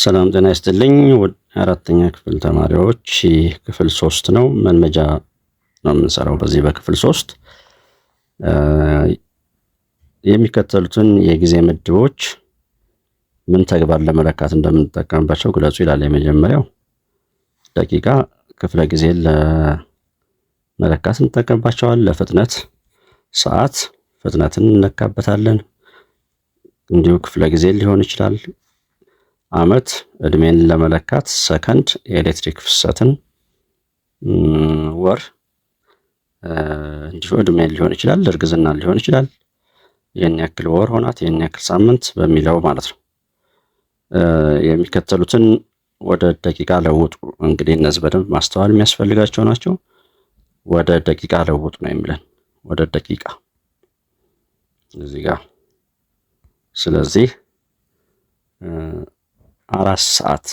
ሰላም ጤና ይስጥልኝ። አራተኛ ክፍል ተማሪዎች ክፍል ሶስት ነው። መልመጃ ነው የምንሰራው። በዚህ በክፍል ሶስት የሚከተሉትን የጊዜ ምድቦች ምን ተግባር ለመለካት እንደምንጠቀምባቸው ግለጹ ይላል። የመጀመሪያው ደቂቃ ክፍለ ጊዜ ለመለካት እንጠቀምባቸዋል። ለፍጥነት ሰዓት ፍጥነትን እንለካበታለን። እንዲሁ ክፍለ ጊዜ ሊሆን ይችላል። ዓመት እድሜን ለመለካት ሰከንድ፣ የኤሌክትሪክ ፍሰትን ወር፣ እንዲሁ ዕድሜን ሊሆን ይችላል፣ እርግዝናን ሊሆን ይችላል። ይህን ያክል ወር ሆናት፣ ይህን ያክል ሳምንት በሚለው ማለት ነው። የሚከተሉትን ወደ ደቂቃ ለውጡ። እንግዲህ እነዚህ በደንብ ማስተዋል የሚያስፈልጋቸው ናቸው። ወደ ደቂቃ ለውጡ ነው የሚለን ወደ ደቂቃ እዚህ ጋር ስለዚህ አራት ሰዓት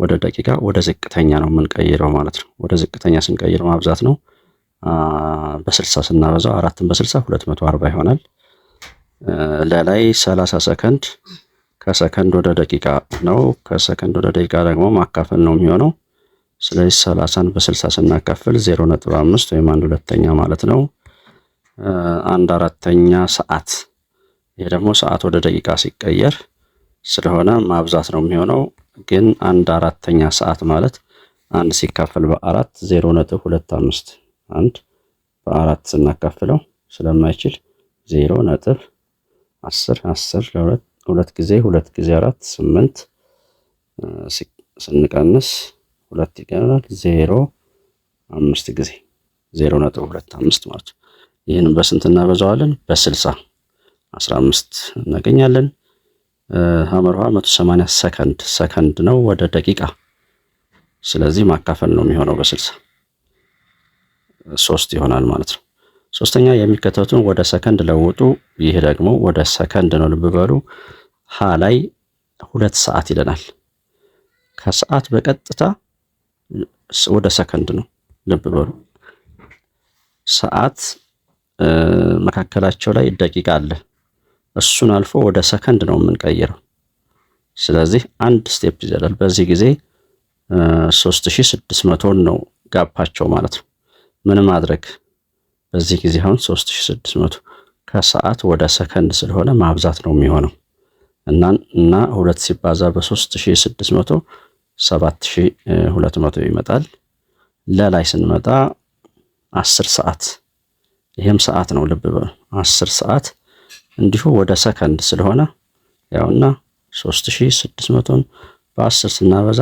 ወደ ደቂቃ ወደ ዝቅተኛ ነው የምንቀይረው ማለት ነው። ወደ ዝቅተኛ ስንቀይር ማብዛት ነው። በስልሳ ስናበዛው አራትን በስልሳ ሁለት መቶ አርባ ይሆናል። ለላይ ሰላሳ ሰከንድ ከሰከንድ ወደ ደቂቃ ነው። ከሰከንድ ወደ ደቂቃ ደግሞ ማካፈል ነው የሚሆነው። ስለዚህ ሰላሳን በስልሳ ስናካፍል ዜሮ ነጥብ አምስት ወይም አንድ ሁለተኛ ማለት ነው። አንድ አራተኛ ሰዓት። ይህ ደግሞ ሰዓት ወደ ደቂቃ ሲቀየር ስለሆነ ማብዛት ነው የሚሆነው። ግን አንድ አራተኛ ሰዓት ማለት አንድ ሲካፈል በአራት ዜሮ ነጥብ ሁለት አምስት አንድ በአራት ስናካፍለው ስለማይችል ዜሮ ነጥብ አስር አስር ለሁለት ሁለት ጊዜ ሁለት ጊዜ አራት ስምንት ስንቀንስ ሁለት ይቀራል ዜሮ አምስት ጊዜ ዜሮ ነጥብ ሁለት አምስት ማለት ነው። ይህን በስንት እናበዛዋለን? በስልሳ አስራ አምስት እናገኛለን። ሀመርሃ 180 ሰከንድ ሰከንድ ነው ወደ ደቂቃ። ስለዚህ ማካፈል ነው የሚሆነው በስልሳ ሶስት ይሆናል ማለት ነው። ሶስተኛ የሚከተቱን ወደ ሰከንድ ለውጡ። ይህ ደግሞ ወደ ሰከንድ ነው። ልብ በሉ ሀ ላይ ሁለት ሰዓት ይለናል። ከሰዓት በቀጥታ ወደ ሰከንድ ነው። ልብ በሉ ሰዓት መካከላቸው ላይ ደቂቃ አለ። እሱን አልፎ ወደ ሰከንድ ነው የምንቀይረው። ስለዚህ አንድ ስቴፕ ይዘላል። በዚህ ጊዜ 3600ን ነው ጋፓቸው ማለት ነው። ምን ማድረግ በዚህ ጊዜ አሁን 3600 ከሰዓት ወደ ሰከንድ ስለሆነ ማብዛት ነው የሚሆነው እና እና ሁለት ሲባዛ በ3600 7200 ይመጣል። ለላይ ስንመጣ 10 ሰዓት ይህም ሰዓት ነው። ልብ በሉ 10 ሰዓት እንዲሁ ወደ ሰከንድ ስለሆነ ያውና 3600ን በ10 ስናበዛ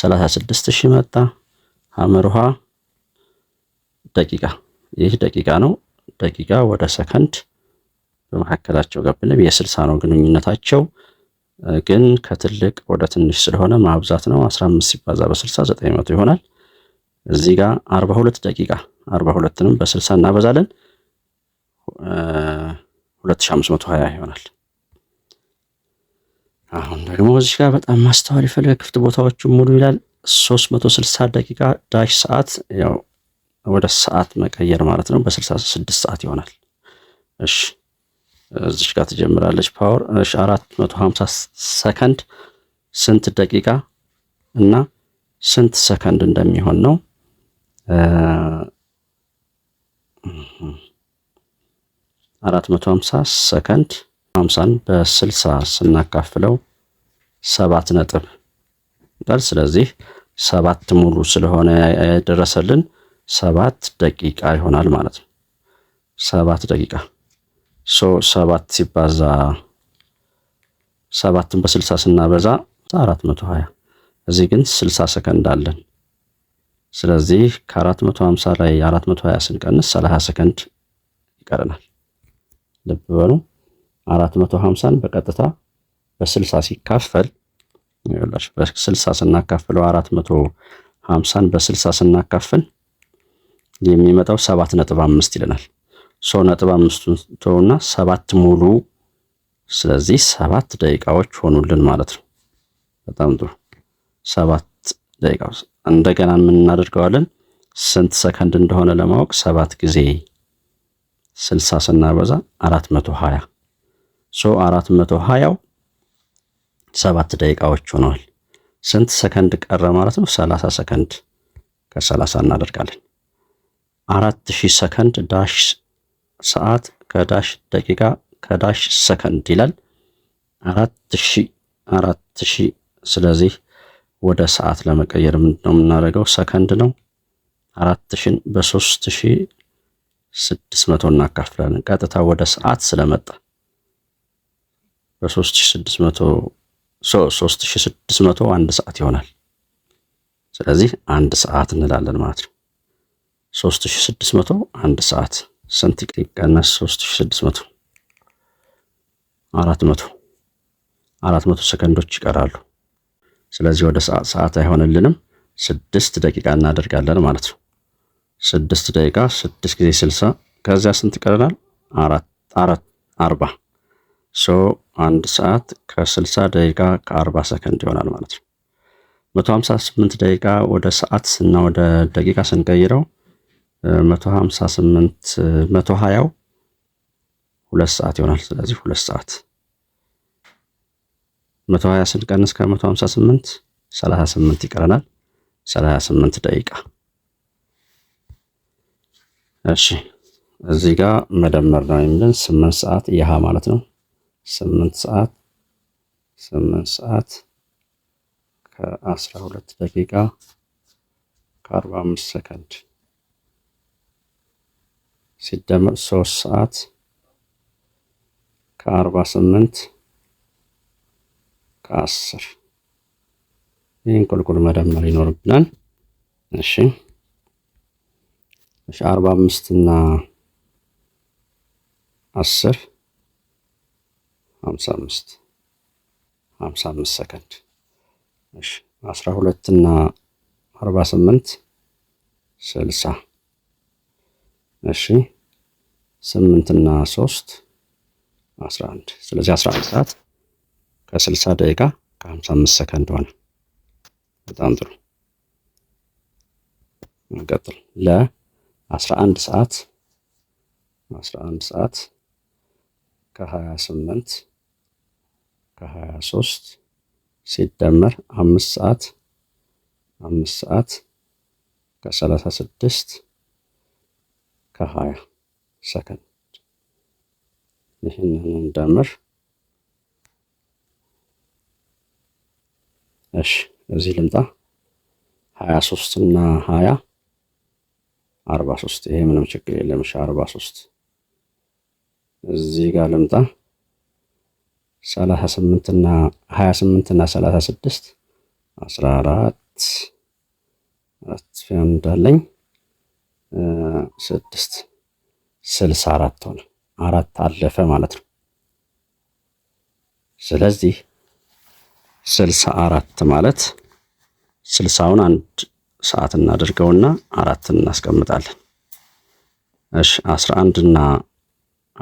36000 መጣ። አመርሃ ደቂቃ፣ ይህ ደቂቃ ነው። ደቂቃ ወደ ሰከንድ በመካከላቸው ገብንም የስልሳ ነው ግንኙነታቸው፣ ግን ከትልቅ ወደ ትንሽ ስለሆነ ማብዛት ነው። 15 ሲባዛ በ60 900 ይሆናል። እዚህ ጋር 42 ደቂቃ 42ንም በ60 እናበዛለን 2520 ይሆናል። አሁን ደግሞ እዚህ ጋር በጣም ማስተዋል ይፈልግ ክፍት ቦታዎቹን ሙሉ ይላል 360 ደቂቃ ዳሽ ሰዓት፣ ያው ወደ ሰዓት መቀየር ማለት ነው። በ66 ሰዓት ይሆናል። እሺ እዚህ ጋር ትጀምራለች ፓወር። እሺ 450 ሰከንድ ስንት ደቂቃ እና ስንት ሰከንድ እንደሚሆን ነው። 450 ሰከንድ 50ን በ60 ስናካፍለው ሰባት ነጥብ ይላል። ስለዚህ 7 ሙሉ ስለሆነ የደረሰልን 7 ደቂቃ ይሆናል ማለት ነው። 7 ደቂቃ ሶ 7 ሲባዛ ሰባትን በስልሳ ስናበዛ አራት መቶ እዚህ ግን 60 ሰከንድ አለን። ስለዚህ ከ450 ላይ 420 ስንቀንስ 30 ሰከንድ ይቀረናል። ልብ በሉ 450ን በቀጥታ በ60 ሲካፈል በስልሳ ስናካፍለው አራት መቶ በ በስልሳ ስናካፍል የሚመጣው ሰባት ነጥብ አምስት ይለናል። ሰው ነጥብ አምስቱን ተውና 7 ሙሉ ስለዚህ ሰባት ደቂቃዎች ሆኑልን ማለት ነው። በጣም ጥሩ 7 ደቂቃዎች እንደገና ምን እናደርገዋለን? ስንት ሰከንድ እንደሆነ ለማወቅ ሰባት ጊዜ 60 ስናበዛ 420 ሶ 420 7 ደቂቃዎች ሆነዋል። ስንት ሰከንድ ቀረ ማለት ነው? 30 ሰከንድ ከ30 እናደርጋለን። 4000 ሰከንድ ዳሽ ሰዓት ከዳሽ ደቂቃ ከዳሽ ሰከንድ ይላል 4000 4000 ስለዚህ ወደ ሰዓት ለመቀየር ምንድነው የምናደርገው? ሰከንድ ነው። አራት ሺን በሶስት ሺህ ስድስት መቶ እናካፍላለን። ቀጥታ ወደ ሰዓት ስለመጣ በሶስት ሺህ ስድስት መቶ ሶስት ሺ ስድስት መቶ አንድ ሰዓት ይሆናል። ስለዚህ አንድ ሰዓት እንላለን ማለት ነው። ሶስት ሺ ስድስት መቶ አንድ ሰዓት ስንት ይቀነስ? ሶስት ሺ ስድስት መቶ አራት መቶ አራት መቶ ሰከንዶች ይቀራሉ። ስለዚህ ወደ ሰዓት ሰዓት አይሆንልንም። ስድስት ደቂቃ እናደርጋለን ማለት ነው። ስድስት ደቂቃ ስድስት ጊዜ ስልሳ ከዚያ ስንት ይቀረናል? አራት አራት አርባ ሶ አንድ ሰዓት ከስልሳ ደቂቃ ከአርባ ሰከንድ ይሆናል ማለት ነው። መቶ ሀምሳ ስምንት ደቂቃ ወደ ሰዓት እና ወደ ደቂቃ ስንቀይረው መቶ ሀምሳ ስምንት መቶ ሀያው ሁለት ሰዓት ይሆናል። ስለዚህ ሁለት ሰዓት መቶ ሀያ ስንቀንስ ከመቶ ሀምሳ ስምንት ሰላሳ ስምንት ይቀረናል። ሰላሳ ስምንት ደቂቃ እሺ እዚህ ጋር መደመር ነው የሚለን ስምንት ሰዓት የሀ ማለት ነው። ስምንት ሰዓት ስምንት ሰዓት ከአስራ ሁለት ደቂቃ ከአርባ አምስት ሰከንድ ሲደመር ሶስት ሰዓት ከአርባ ስምንት ከአስር ይህን ቁልቁል መደመር ይኖርብናል። እሺ አርባ አምስት አስር ሀምሳ አምስት ሀምሳ አምስት ሰከንድ። እሺ አስራ ሁለት እና አርባ ስምንት ስልሳ እሺ ስምንት ሶስት አስራ አንድ ስለዚህ አስራ አንድ ሰዓት ከስልሳ ደቂቃ ከሀምሳ አምስት ሰከንድ ሆነ። በጣም ጥሩ። እንቀጥል ለ 11 ሰዓት 11 ሰዓት ከ28 ከ23 ሲደመር 5 ሰዓት 5 ሰዓት ከ36 ከ20 ሰከንድ ይህንን እንደምር። እሺ እዚህ ልምጣ 23 እና 20 አርባ ሶስት ይሄ ምንም ችግር የለም። እሺ አርባ ሶስት እዚህ ጋር ልምጣ። ሰላሳ ስምንትና ሀያ ስምንትና ሰላሳ ስድስት አስራ አራት አራት እንዳለኝ ስድስት ስልሳ አራት ሆነ። አራት አለፈ ማለት ነው። ስለዚህ ስልሳ አራት ማለት ስልሳውን አንድ ሰዓት እናደርገውና አራት እናስቀምጣለን። እሺ አስራ አንድ እና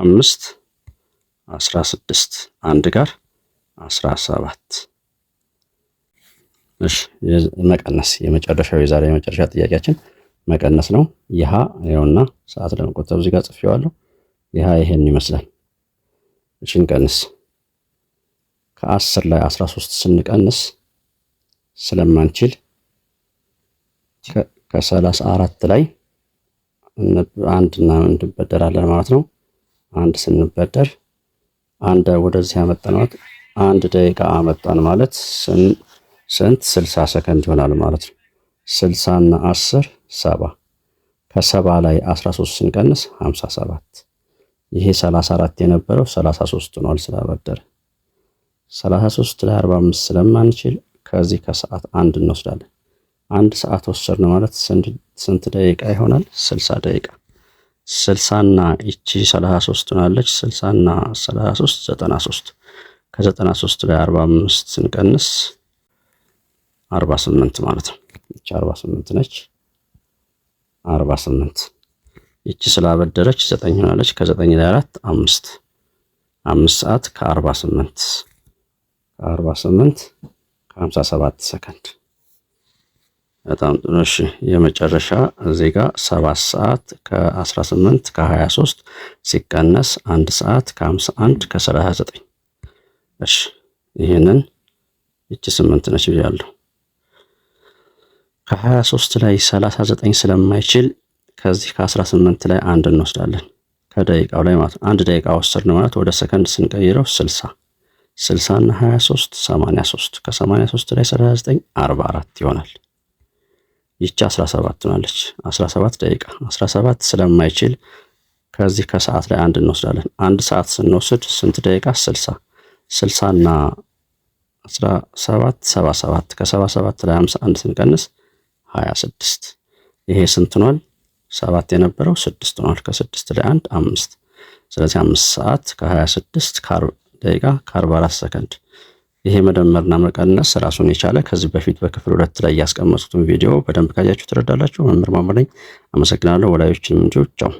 አምስት አስራ ስድስት አንድ ጋር አስራ ሰባት እሺ መቀነስ የመጨረሻው የዛሬ የመጨረሻ ጥያቄያችን መቀነስ ነው። ይሀ ይኸውና ሰዓት ለመቆጠብ እዚህ ጋር ጽፌዋለሁ። ይሀ ይሄን ይመስላል። እሺ እንቀንስ። ከአስር ላይ አስራ ሶስት ስንቀንስ ስለማንችል ከሰላሳ አራት ላይ አንድ እንበደራለን ማለት ነው። አንድ ስንበደር አንድ ወደዚህ ያመጣነው አንድ ደቂቃ አመጣን ማለት ስንት ስልሳ ሰከንድ ይሆናል ማለት ነው። ስልሳ እና አስር ሰባ ከሰባ ላይ አስራ ሶስት ስንቀንስ ሀምሳ ሰባት ይሄ ሰላሳ አራት የነበረው ሰላሳ ሶስት ሆኗል ስላበደረ ሰላሳ ሶስት ላይ አርባ አምስት ስለማንችል ከዚህ ከሰዓት አንድ እንወስዳለን። አንድ ሰዓት ወሰድን ማለት ስንት ደቂቃ ይሆናል? ስልሳ ደቂቃ ስልሳና ይቺ ሰላሳ ሶስት ናለች። ስልሳና ሰላሳ ሶስት ዘጠና ሶስት ከዘጠና ሶስት ላይ አርባ አምስት ስንቀንስ አርባ ስምንት ማለት ነው። ይቺ አርባ ስምንት ነች። አርባ ስምንት ይቺ ስላበደረች ዘጠኝ ሆናለች። ከዘጠኝ ላይ አራት አምስት አምስት ሰዓት ከአርባ ስምንት ከአርባ ስምንት ከሀምሳ ሰባት ሰከንድ በጣም ጥሩ እሺ። የመጨረሻ እዚህ ጋር ሰባት ሰዓት ከ18 ከ23 ሲቀነስ አንድ ሰዓት ከ51 ከ39። እሺ ይህንን ይቺ ስምንት ነች ብያለሁ። ከ23 ላይ 39 ስለማይችል ከዚህ ከ18 ላይ አንድ እንወስዳለን። ከደቂቃው ላይ ማለት አንድ ደቂቃ ወሰድን ማለት ወደ ሰከንድ ስንቀይረው 60 60 እና 23 83 ከ83 ላይ 39 44 ይሆናል። ይቺ 17 ትሆናለች። 17 ደቂቃ 17 ስለማይችል ከዚህ ከሰዓት ላይ አንድ እንወስዳለን። አንድ ሰዓት ስንወስድ ስንት ደቂቃ? 60 60 እና 17 77 ከ77 ላይ 51 ስንቀንስ 26 ይሄ ስንት ሆኗል? ሰባት የነበረው ስድስት ሆኗል። ከስድስት ላይ አንድ አምስት። ስለዚህ አምስት ሰዓት ከ26 ደቂቃ ከ44 ሰከንድ ይሄ መደመርና መቀነስ ራሱን የቻለ ከዚህ በፊት በክፍል ሁለት ላይ ያስቀመጡትን ቪዲዮ በደንብ ካያችሁ ትረዳላችሁ። መምህር ማሞ ነኝ። አመሰግናለሁ። ወላጆችን ምንጆች ቻው